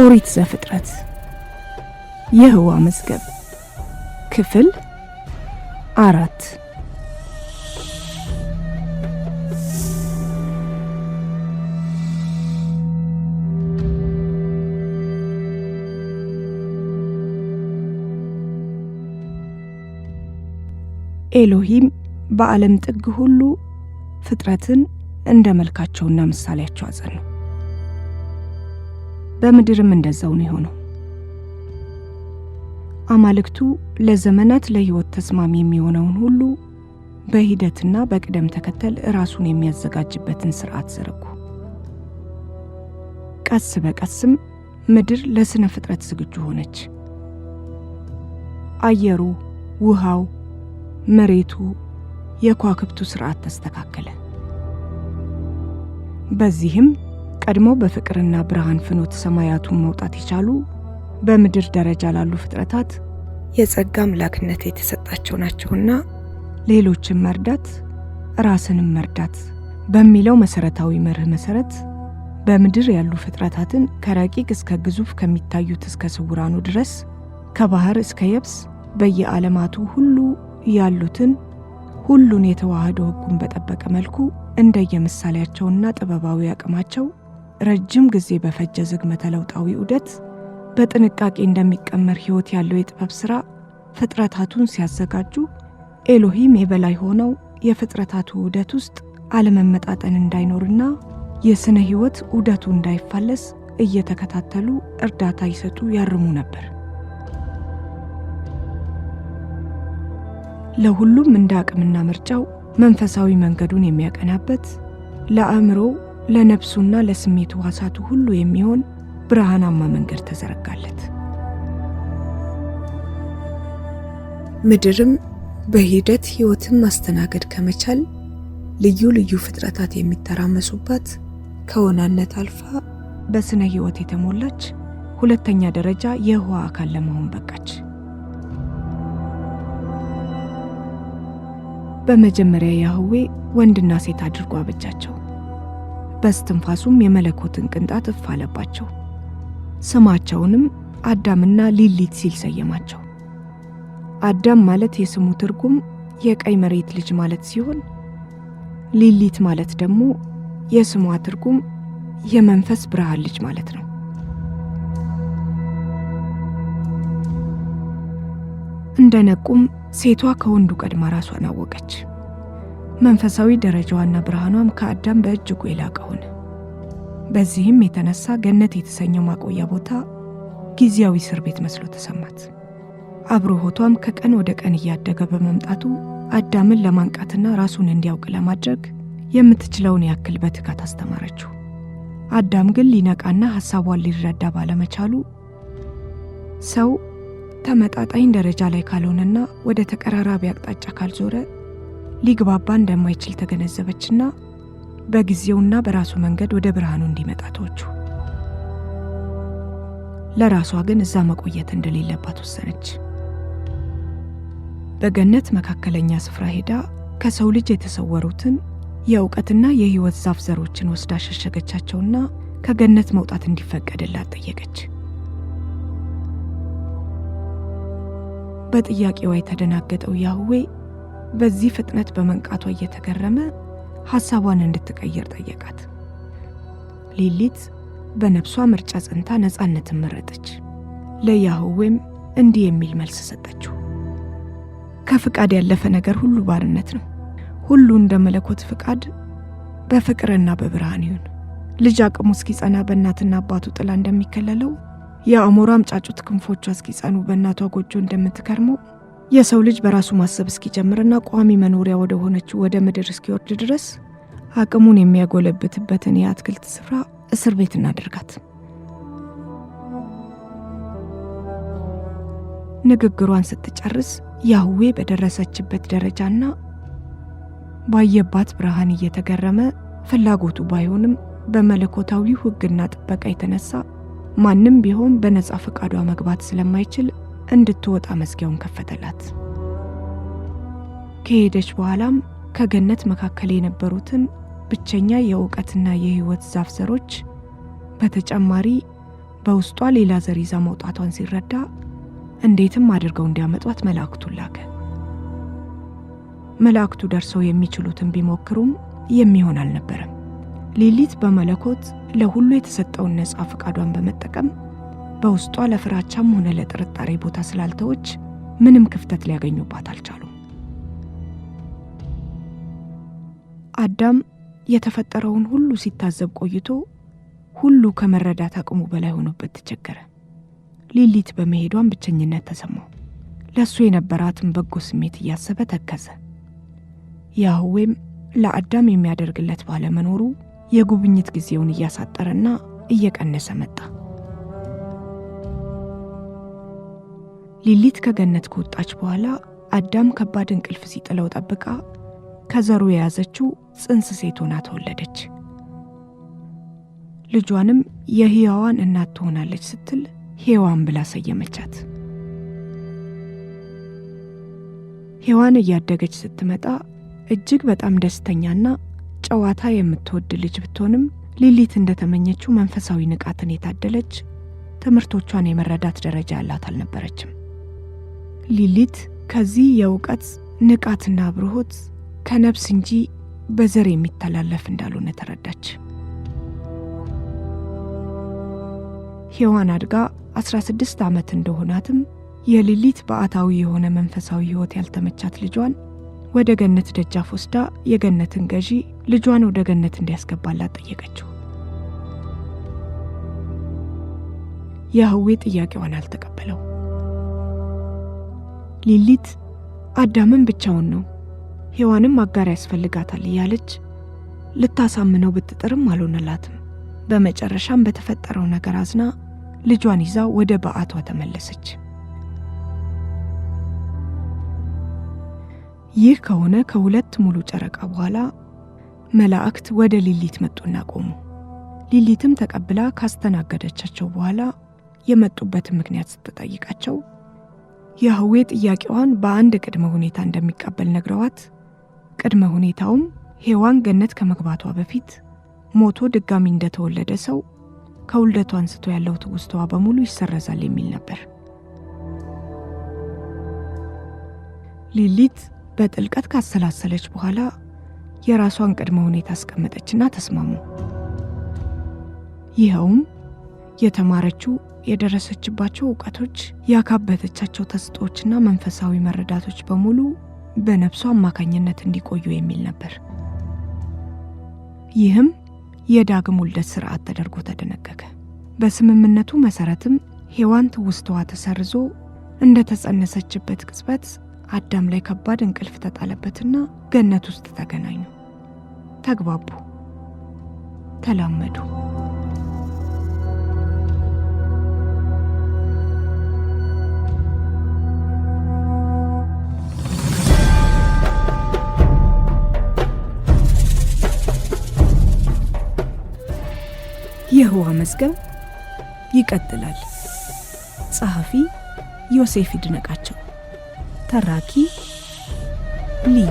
ኦሪት ዘፍጥረት የህዋ መዝገብ ክፍል አራት ኤሎሂም በዓለም ጥግ ሁሉ ፍጥረትን እንደ መልካቸውና ምሳሌያቸው አጸኑ። በምድርም እንደዛው ነው የሆነው። አማልክቱ ለዘመናት ለህይወት ተስማሚ የሚሆነውን ሁሉ በሂደትና በቅደም ተከተል ራሱን የሚያዘጋጅበትን ስርዓት ዘረጉ። ቀስ በቀስም ምድር ለሥነ ፍጥረት ዝግጁ ሆነች። አየሩ፣ ውሃው፣ መሬቱ፣ የኳክብቱ ስርዓት ተስተካከለ። በዚህም ቀድሞ በፍቅርና ብርሃን ፍኖት ሰማያቱን መውጣት የቻሉ በምድር ደረጃ ላሉ ፍጥረታት የጸጋ አምላክነት የተሰጣቸው ናቸውና ሌሎችን መርዳት ራስንም መርዳት በሚለው መሰረታዊ መርህ መሰረት በምድር ያሉ ፍጥረታትን ከረቂቅ እስከ ግዙፍ ከሚታዩት እስከ ስውራኑ ድረስ ከባህር እስከ የብስ በየዓለማቱ ሁሉ ያሉትን ሁሉን የተዋህዶ ሕጉን በጠበቀ መልኩ እንደየምሳሌያቸውና ጥበባዊ አቅማቸው ረጅም ጊዜ በፈጀ ዝግመተ ለውጣዊ ዑደት በጥንቃቄ እንደሚቀመር ሕይወት ያለው የጥበብ ሥራ ፍጥረታቱን ሲያዘጋጁ ኤሎሂም የበላይ ሆነው የፍጥረታቱ ዑደት ውስጥ አለመመጣጠን እንዳይኖርና የሥነ ሕይወት ዑደቱ እንዳይፋለስ እየተከታተሉ እርዳታ ይሰጡ ያርሙ ነበር። ለሁሉም እንደ አቅምና ምርጫው መንፈሳዊ መንገዱን የሚያቀናበት ለአእምሮው ለነብሱና ለስሜቱ ዋሳቱ ሁሉ የሚሆን ብርሃናማ መንገድ ተዘረጋለት። ምድርም በሂደት ሕይወትን ማስተናገድ ከመቻል ልዩ ልዩ ፍጥረታት የሚተራመሱባት ከወናነት አልፋ በስነ ሕይወት የተሞላች ሁለተኛ ደረጃ የውሃ አካል ለመሆን በቃች። በመጀመሪያ ያህዌ ወንድና ሴት አድርጎ አበጃቸው። በስትንፋሱም የመለኮትን ቅንጣት እፍ አለባቸው። ስማቸውንም አዳምና ሊሊት ሲል ሰየማቸው። አዳም ማለት የስሙ ትርጉም የቀይ መሬት ልጅ ማለት ሲሆን ሊሊት ማለት ደግሞ የስሟ ትርጉም የመንፈስ ብርሃን ልጅ ማለት ነው። እንደነቁም ሴቷ ከወንዱ ቀድማ ራሷን አወቀች። መንፈሳዊ ደረጃዋና ብርሃኗም ከአዳም በእጅጉ የላቀ ሆነ። በዚህም የተነሳ ገነት የተሰኘው ማቆያ ቦታ ጊዜያዊ እስር ቤት መስሎ ተሰማት። አብርሆቷም ከቀን ወደ ቀን እያደገ በመምጣቱ አዳምን ለማንቃትና ራሱን እንዲያውቅ ለማድረግ የምትችለውን ያክል በትጋት አስተማረችው። አዳም ግን ሊነቃና ሐሳቧን ሊረዳ ባለመቻሉ ሰው ተመጣጣኝ ደረጃ ላይ ካልሆነና ወደ ተቀራራቢ አቅጣጫ ካልዞረ ሊግባባ እንደማይችል ተገነዘበችና በጊዜውና በራሱ መንገድ ወደ ብርሃኑ እንዲመጣ ተወችው። ለራሷ ግን እዛ መቆየት እንደሌለባት ወሰነች። በገነት መካከለኛ ስፍራ ሄዳ ከሰው ልጅ የተሰወሩትን የእውቀትና የሕይወት ዛፍ ዘሮችን ወስዳ ሸሸገቻቸውና ከገነት መውጣት እንዲፈቀድላት ጠየቀች። በጥያቄዋ የተደናገጠው ያህዌ በዚህ ፍጥነት በመንቃቷ እየተገረመ ሐሳቧን እንድትቀይር ጠየቃት። ሊሊት በነፍሷ ምርጫ ጸንታ ነፃነትን መረጠች። ለያሁዌም እንዲህ የሚል መልስ ሰጠችው። ከፍቃድ ያለፈ ነገር ሁሉ ባርነት ነው። ሁሉ እንደ መለኮት ፍቃድ በፍቅርና በብርሃን ይሁን። ልጅ አቅሙ እስኪጸና በእናትና አባቱ ጥላ እንደሚከለለው የአሞራም ጫጩት ክንፎቿ እስኪጸኑ በእናቷ ጎጆ እንደምትከርመው የሰው ልጅ በራሱ ማሰብ እስኪጀምርና ቋሚ መኖሪያ ወደ ሆነችው ወደ ምድር እስኪወርድ ድረስ አቅሙን የሚያጎለብትበትን የአትክልት ስፍራ እስር ቤት እናደርጋት። ንግግሯን ስትጨርስ ያህዌ በደረሰችበት ደረጃና ባየባት ብርሃን እየተገረመ ፍላጎቱ ባይሆንም በመለኮታዊ ሕግና ጥበቃ የተነሳ ማንም ቢሆን በነፃ ፈቃዷ መግባት ስለማይችል እንድትወጣ መዝጊያውን ከፈተላት። ከሄደች በኋላም ከገነት መካከል የነበሩትን ብቸኛ የእውቀትና የህይወት ዛፍ ዘሮች በተጨማሪ በውስጧ ሌላ ዘር ይዛ መውጣቷን ሲረዳ እንዴትም አድርገው እንዲያመጧት መላእክቱን ላከ። መላእክቱ ደርሰው የሚችሉትን ቢሞክሩም የሚሆን አልነበረም። ሌሊት በመለኮት ለሁሉ የተሰጠውን ነፃ ፈቃዷን በመጠቀም በውስጧ ለፍራቻም ሆነ ለጥርጣሬ ቦታ ስላልተዎች ምንም ክፍተት ሊያገኙባት አልቻሉም። አዳም የተፈጠረውን ሁሉ ሲታዘብ ቆይቶ ሁሉ ከመረዳት አቅሙ በላይ ሆኖበት ተቸገረ። ሊሊት በመሄዷን ብቸኝነት ተሰማው። ለእሱ የነበራትን በጎ ስሜት እያሰበ ተከዘ። ያህዌም ለአዳም የሚያደርግለት ባለመኖሩ የጉብኝት ጊዜውን እያሳጠረና እየቀነሰ መጣ። ሊሊት ከገነት ከወጣች በኋላ አዳም ከባድ እንቅልፍ ሲጥለው ጠብቃ ከዘሩ የያዘችው ጽንስ ሴት ሆና ተወለደች። ልጇንም የህያዋን እናት ትሆናለች ስትል ሔዋን ብላ ሰየመቻት። ሔዋን እያደገች ስትመጣ እጅግ በጣም ደስተኛና ጨዋታ የምትወድ ልጅ ብትሆንም ሊሊት እንደተመኘችው መንፈሳዊ ንቃትን የታደለች ትምህርቶቿን የመረዳት ደረጃ ያላት አልነበረችም። ሊሊት ከዚህ የእውቀት ንቃትና ብርሁት ከነፍስ እንጂ በዘር የሚተላለፍ እንዳልሆነ ተረዳች። ሔዋን አድጋ 16 ዓመት እንደሆናትም የሊሊት በዓታዊ የሆነ መንፈሳዊ ሕይወት ያልተመቻት ልጇን ወደ ገነት ደጃፍ ወስዳ የገነትን ገዢ ልጇን ወደ ገነት እንዲያስገባላት ጠየቀችው። የህዌ ጥያቄዋን አልተቀበለው። ሊሊት አዳምን ብቻውን ነው፣ ሔዋንም አጋር ያስፈልጋታል እያለች ልታሳምነው ብትጥርም አልሆነላትም። በመጨረሻም በተፈጠረው ነገር አዝና ልጇን ይዛ ወደ በአቷ ተመለሰች። ይህ ከሆነ ከሁለት ሙሉ ጨረቃ በኋላ መላእክት ወደ ሊሊት መጡና ቆሙ። ሊሊትም ተቀብላ ካስተናገደቻቸው በኋላ የመጡበትን ምክንያት ስትጠይቃቸው ያህዌ ጥያቄዋን በአንድ ቅድመ ሁኔታ እንደሚቀበል ነግረዋት፣ ቅድመ ሁኔታውም ሔዋን ገነት ከመግባቷ በፊት ሞቶ ድጋሚ እንደተወለደ ሰው ከውልደቷ አንስቶ ያለው ትውስተዋ በሙሉ ይሰረዛል የሚል ነበር። ሊሊት በጥልቀት ካሰላሰለች በኋላ የራሷን ቅድመ ሁኔታ አስቀመጠችና ተስማሙ። ይኸውም የተማረችው የደረሰችባቸው እውቀቶች ያካበተቻቸው ተስጦችና መንፈሳዊ መረዳቶች በሙሉ በነፍሷ አማካኝነት እንዲቆዩ የሚል ነበር። ይህም የዳግም ውልደት ስርዓት ተደርጎ ተደነገገ። በስምምነቱ መሰረትም ሔዋን ትውስታዋ ተሰርዞ እንደተጸነሰችበት ቅጽበት አዳም ላይ ከባድ እንቅልፍ ተጣለበትና ገነት ውስጥ ተገናኙ፣ ተግባቡ፣ ተላመዱ። የህዋ መዝገብ ይቀጥላል። ጸሐፊ ዮሴፍ ይድነቃቸው፣ ተራኪ ሊዩ